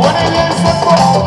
wane leen seen bopp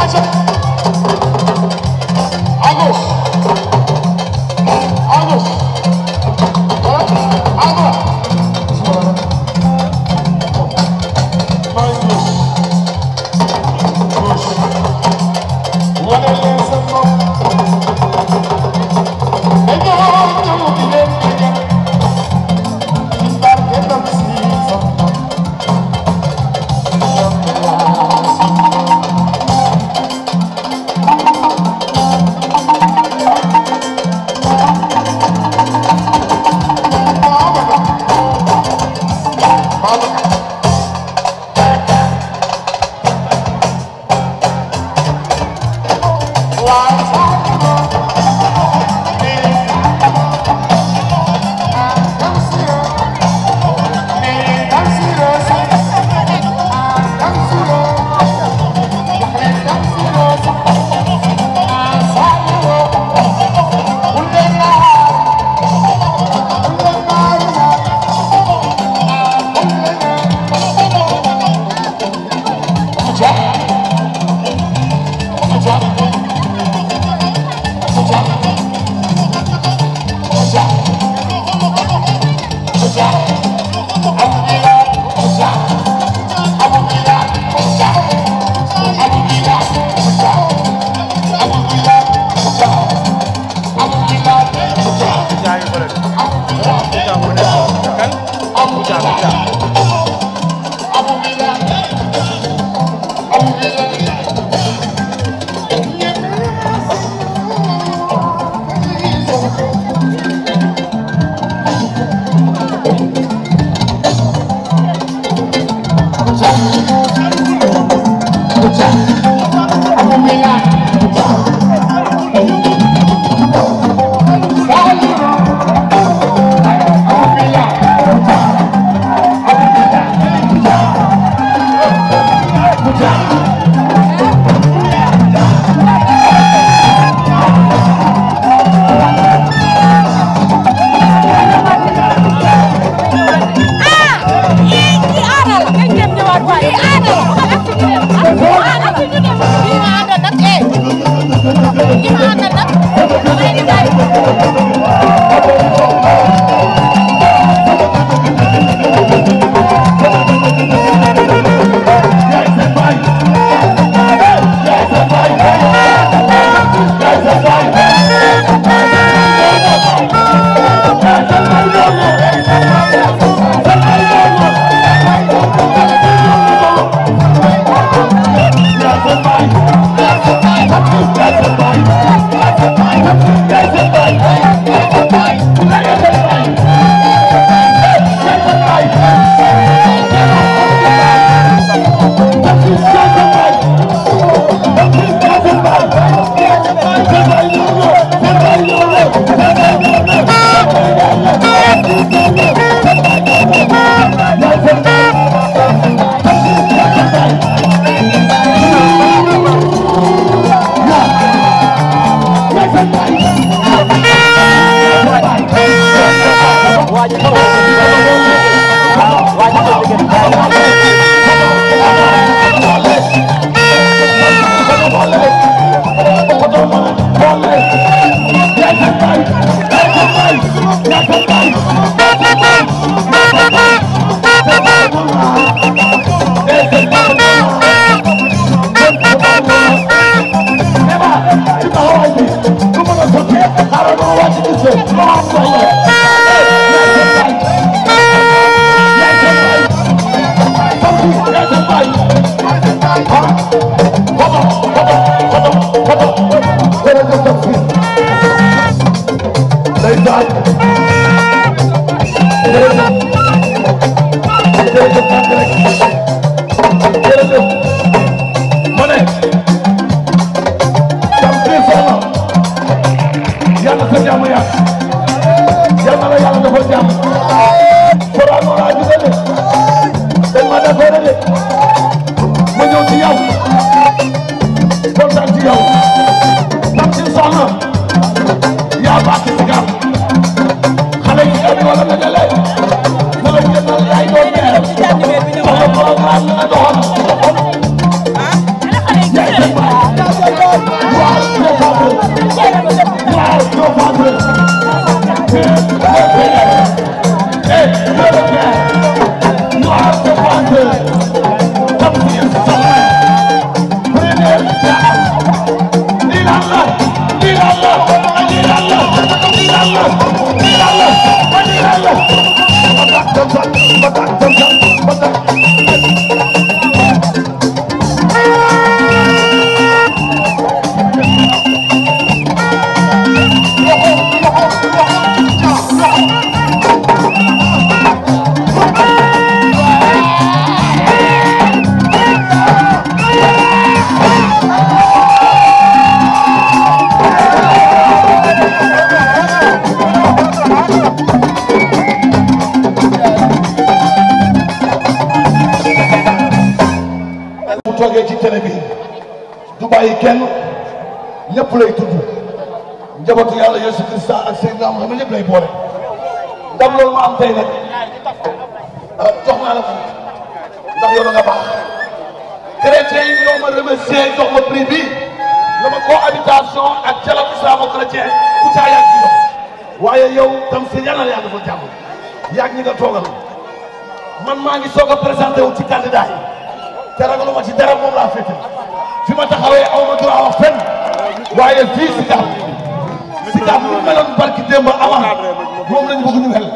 Música bá kú. kenn ñëpp lay tudd njabootu la Yeesu Krista ak Seydina Muhammad ñëpp lay boole ndam loolu ma am tey nag ah, jox naa la ko ndax yow nga baax chrétien yi ñoo ma remercier jox ma prix bi dama cohabitation ak dialogue islamo-chrétien ku caa yàgg ci waaye yow tam si yàlla la yàlla dafa jàmm yàgg ñi toogal man maa ngi soog a présenté wu ci candidat yi te ragaluma ci dara moom laa féete fi ma taxawee aw ma droit wax fenn waaye fii si daaw si daaw bu meloon barki démb avant moom lañu bëgg ñu mel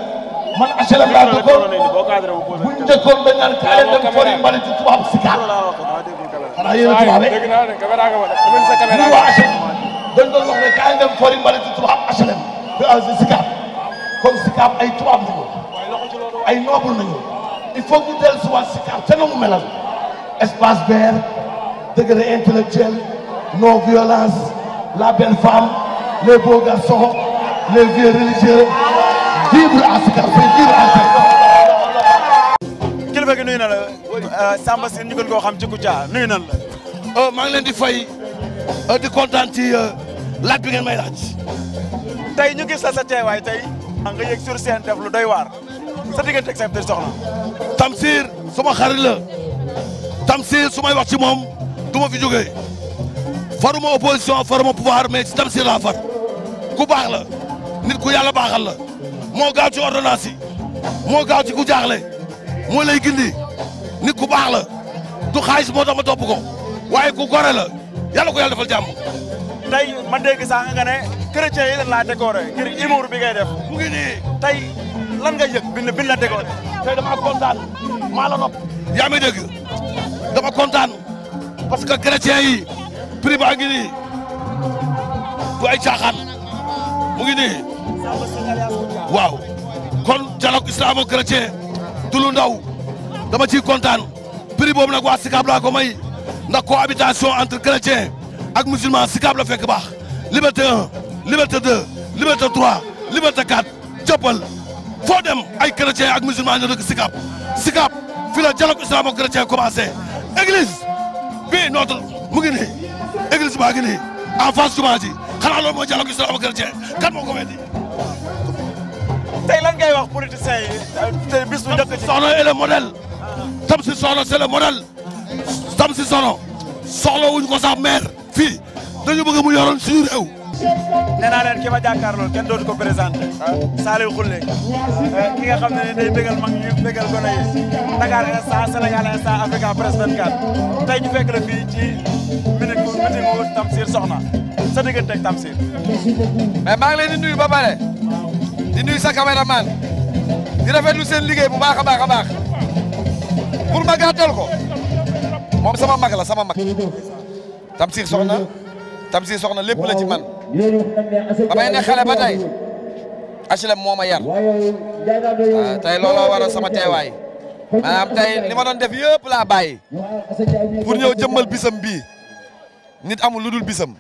man HLM laa dëkkoon bu ñu njëkkoon dañ naan kaay dem fori mbalit tubaab si daaw xanaa yéen a tubaab rek ñu waa HLM dañ doon wax ne kaay dem fori mbalit tubaab HLM si daaw kon si daaw ay tubaab nañu ay noble nañu il faut que ñu dellusiwaat si daaw te na mu melal. espace vert degré intellectuel non violence la belle femme les beaux garçons les vieux religieux vibre à Sicap kilifa gi nuyu na la euh, Samba Sine ñu gën koo xam ci Kouthia nuyu na la. Oh, maa ngi leen di fay euh, di kontaan ci euh, laaj bi ngeen may laaj. tey ñu gis la sa teewaay tey. Ah, nga yëg sur scène def lu doy waar sa diggante ak sa soxna. Tamsir suma xarit la. Tamsir su may wax ci moom du ma fi jógee faruma opposition faruma pouvoir mais ci laa far ku baax la nit ku yàlla baaxal la moo gaaw ci ordonnance moo gaaw ci ku jaaxle moo lay gindi nit ku baax la du xaalis moo tax ma topp ko waaye ku gore la yàlla ko yàlla defal jàmm. tey ma dégg sax nga ne chrétien yi lan laa décoré ngir humour bi ngay def. mu nii tey lan nga yëg bin bin la yaa ngi dégg. dama kontaan parce que chrétien yi priba ngi ni bu ay chaxan mu ngi ni waaw kon dialogue islamo chrétien du lu ndaw dama ci kontaan prix bobu nak wa sikab la ko may ndax cohabitation entre chrétien ak musulman sikab la fekk bax liberté 1 liberté 2 liberté 3 liberté 4 djopal fo dem ay chrétien ak musulman ñu dëkk sikab sikab fi la dialogue islamo chrétien commencé église bii notre mu ngi nii église baa ngi nii en face jumaa ji xanaa loolu moo ko weddi tey lan ngay wax politiciens yi tey bis bu njëkk ji soxna est le tam si soxna c'est le tam si soxna soxla wuñ ko sax fi fii dañu bëgg mu yoroon suñu réew nee naa leen ki ma jàkkaarloo kenn dootu ko présenté. Saliou Khoule. ki nga xam ne dee bégal mag ñi bégal gone yi. Dakar instant Sénégal instant Africa Presse 24. tey ñu fekk la fii ci minute bu meeting bu Tamsir Soxna sa diggante ak Tamsir. mais maa ngi leen di nuyu ba pare. di nuyu sa caméraman. di rafetlu seen liggéey bu baax baa baax a baax. pour ma gàttal ko. moom sama mag la sama mag. Tamsir Soxna. Tamsir Soxna lépp la ci man. ba may ne xale ba tey HLM yar tay lolo looloo waral sama teway ah, manam tay lima don def yep la bàyyi pour ñew jëmmal bisam bi nit amul luddul bisam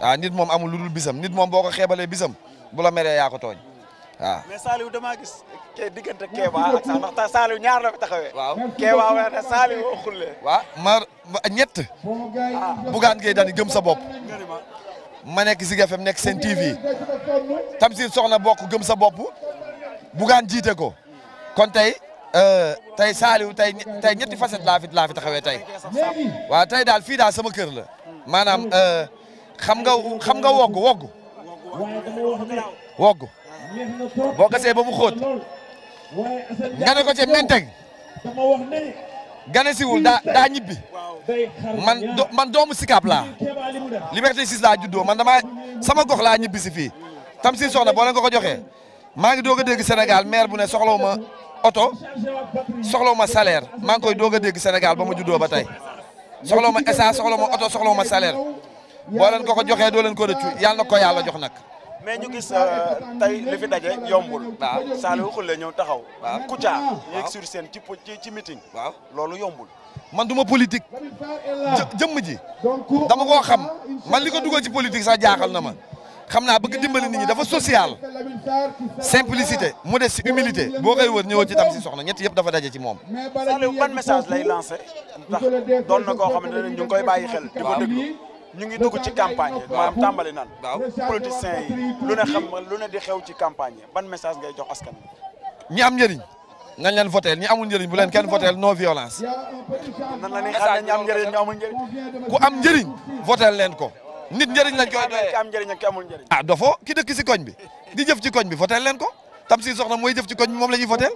waaw ah, nit mom amul luddul bisam nit mom boko xébalé bisam bu la méré ya ko tooñ waaw ah. mais saliw dama gis ke diggante Kéba ak sax ndax saliw ñaar la fi taxawé waaw Kéba weer na saliw waxul oh, lé wa mar ñett. waaw Bougane Gueye dañu gëm sa bop ma nekk Zik FM nekk seen TV Tamsir soxla bokk gëm sa bopp bugaan jiite ko kon tey euh, tey Saliou tey tey ñetti facette laa fi laa fi taxawee tey waaw tey daal fii daal sama kër la maanaam euh, xam nga xam nga wogg wogg wogg ba mu xóot nga ne ko ci menteg ganesiwul daa daa ñibbi man do man doomu Sicap laa Liberté 6 laa juddoo man damaa sama gox laa ñibbi si fii tam si soxna boo leen ko ko joxee maa ngi doog a dégg Sénégal maire bu ne soxlawu ma oto soxla ma salaire maa ngi koy doog a dégg Sénégal ba ma juddoo ba tey soxlawu ma essence soxlawu ma oto soxlawu ma salaire boo leen ko ko joxee doo leen ko rëccu yàlla na ko yàlla jox nag. mais ñu gis euh, tey li fi daje yombul. waaw Saliou Khoulé ñëw taxaw. waaw Kouthia. waaw yéeg sur scène ci ci meeting. waaw loolu yombul. man du ma politique jëmm ji dama koo xam man li ko dugal ci politique sax jaaxal na ma xam naa bëgg dimbali nit ñi dafa social simplicité modeste humilité boo koy wër ñëwoon ci tam si soxna ñett yëpp dafa daje ci moom. Saliou ban message lay lancé. ndax doon na koo xam ne ñu koy bàyyi xel. di ñu ngi dugg ci campagne yi maanaam tàmbali nan waaw politiciens yi lu ne xam lu ne di xew ci campagne ban message ngay jox askan ñi am njëriñ nañ leen voté ñi amul njëriñ bu leen kenn voté non violence. nan la ñuy xaar ñi am njëriñ ñi amul njëriñ. ku am njëriñ voté leen ko. nit njëriñ lañ koy doyee ki am njëriñ ak ki amul njëriñ. ah dofo ki dëkk si koñ bi di jëf ci koñ bi voté leen ko si Soxna mooy jëf ci koñ bi moom la ñuy voté.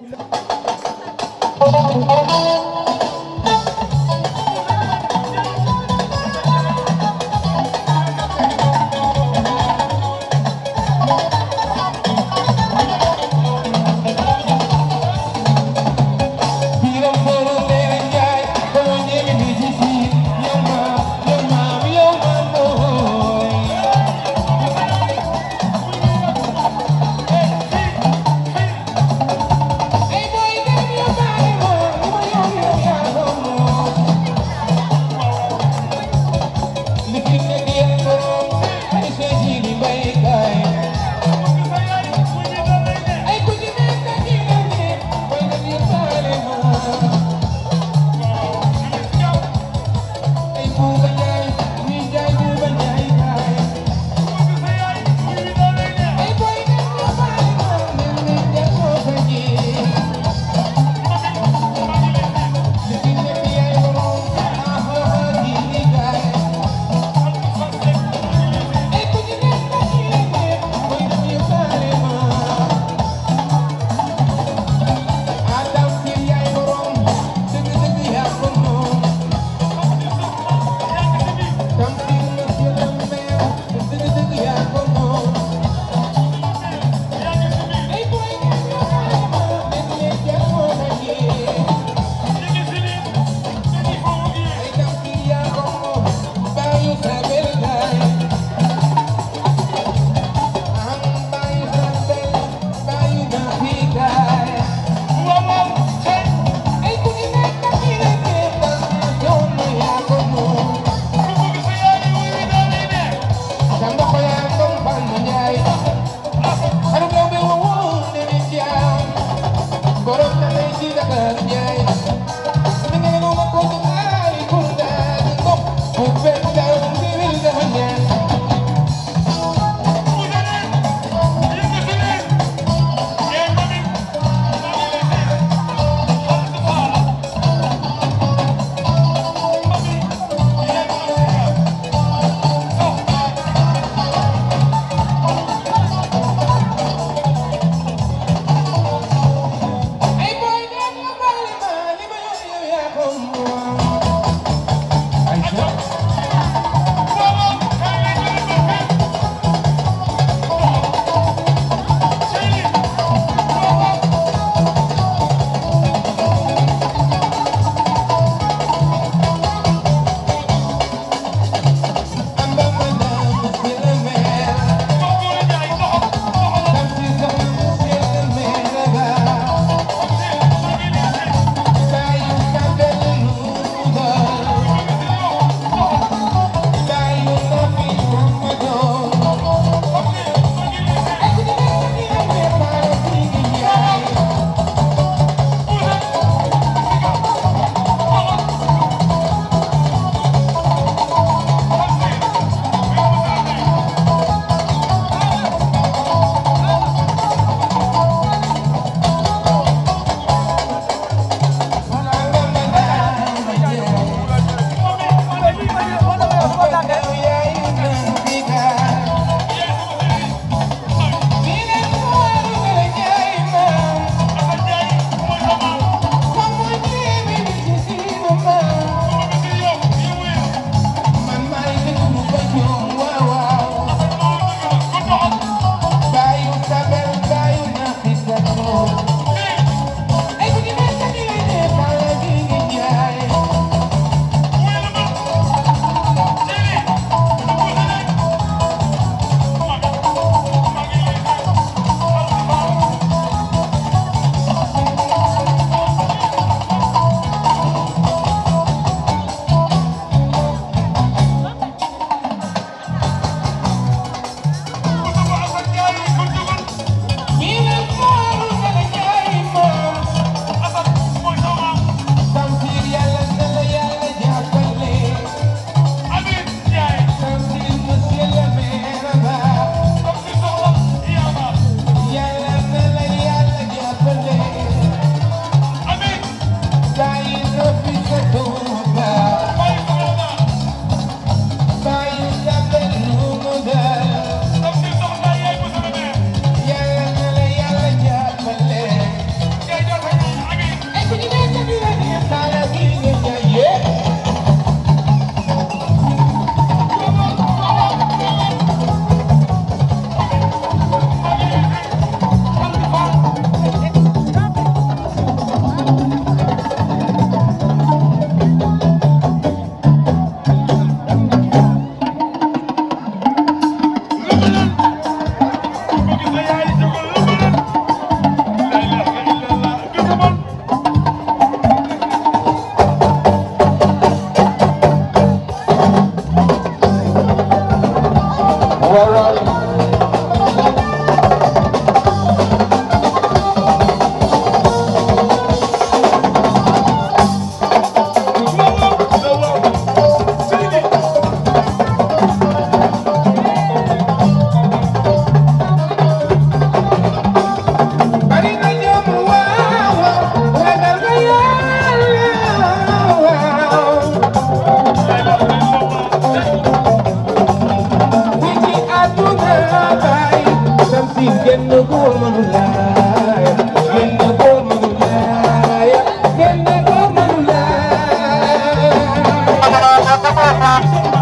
Thank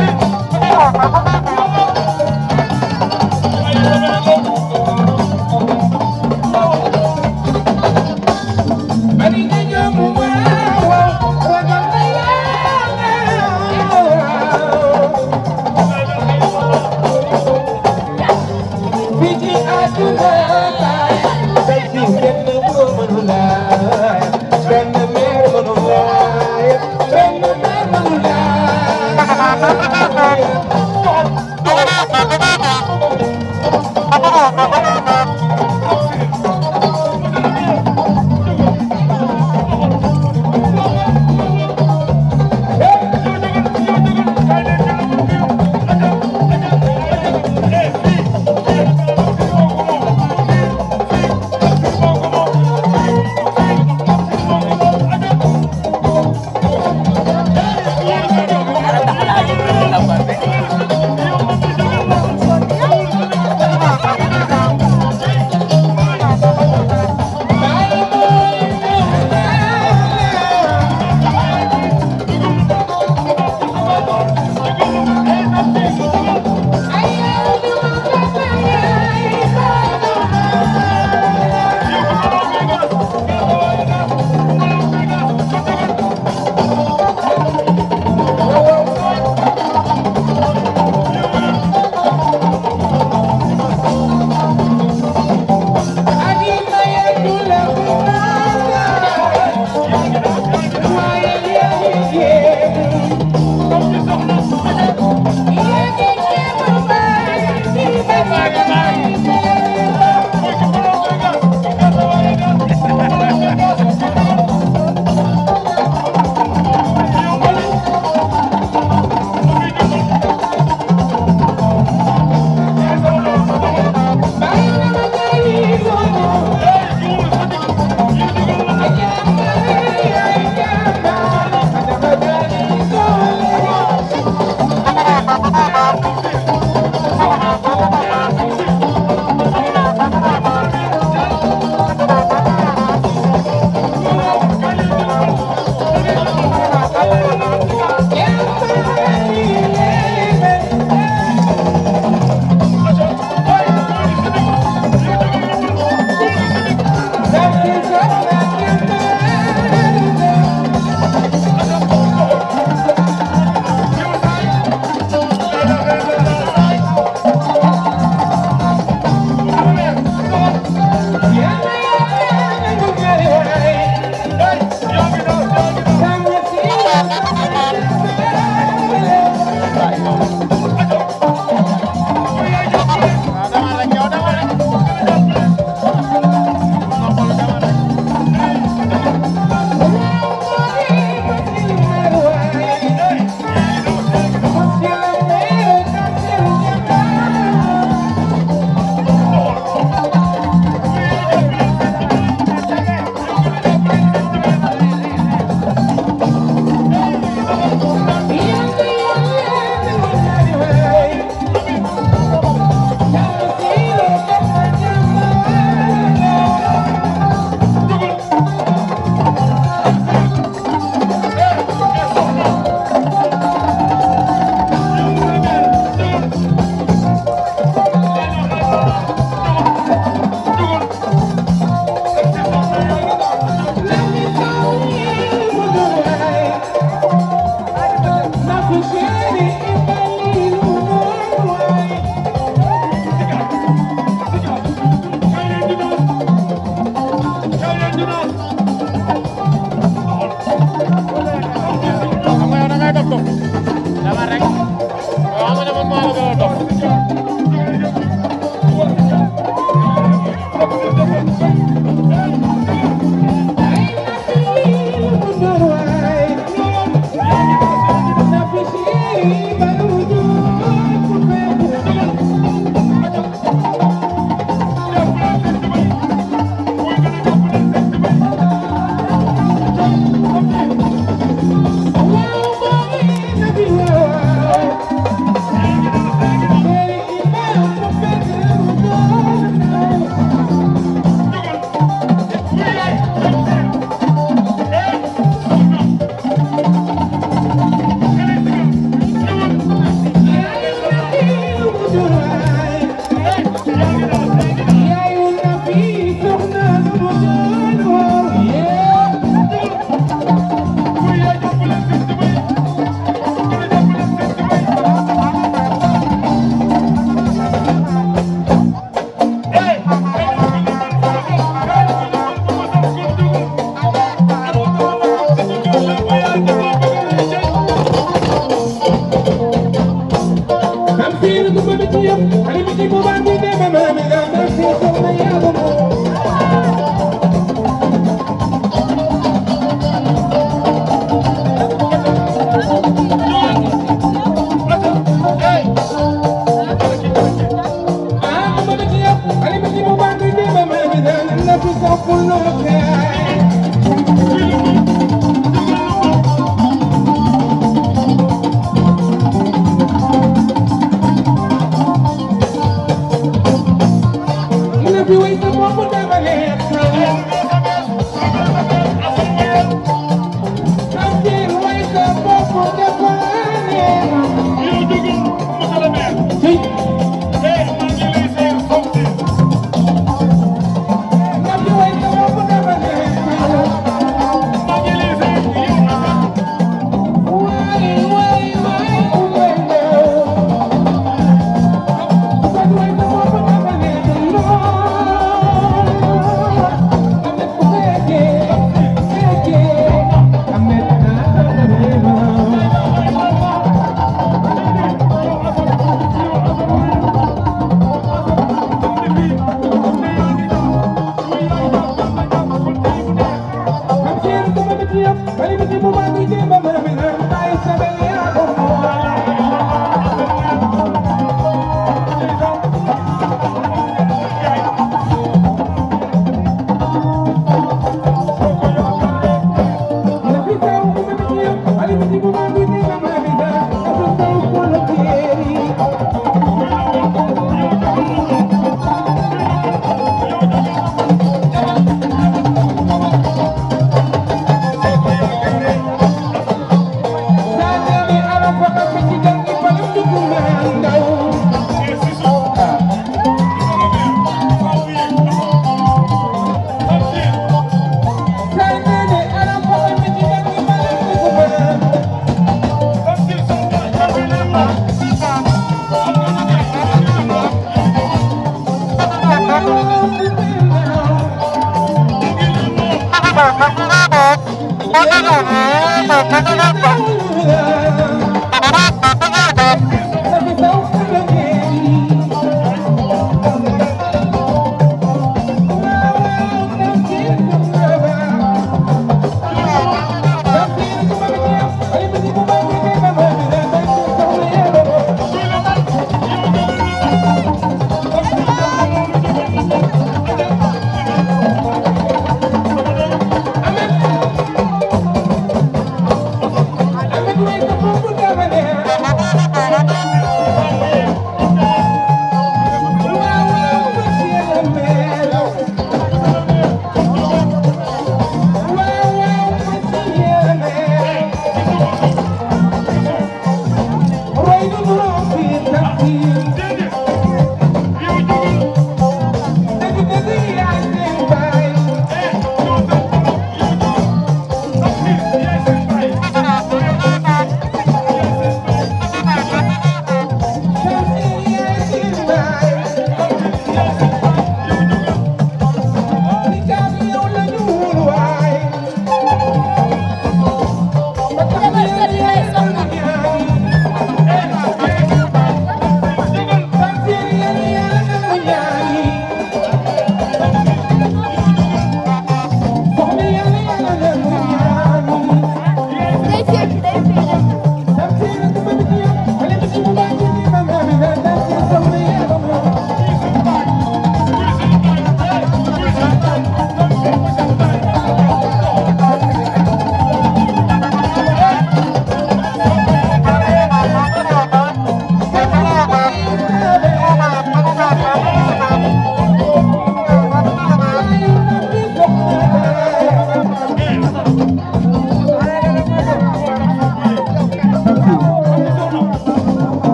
you.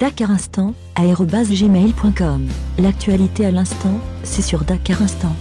Dakar Instant, aérobase gmail.com. L'actualité à l'instant, c'est sur Dakar Instant.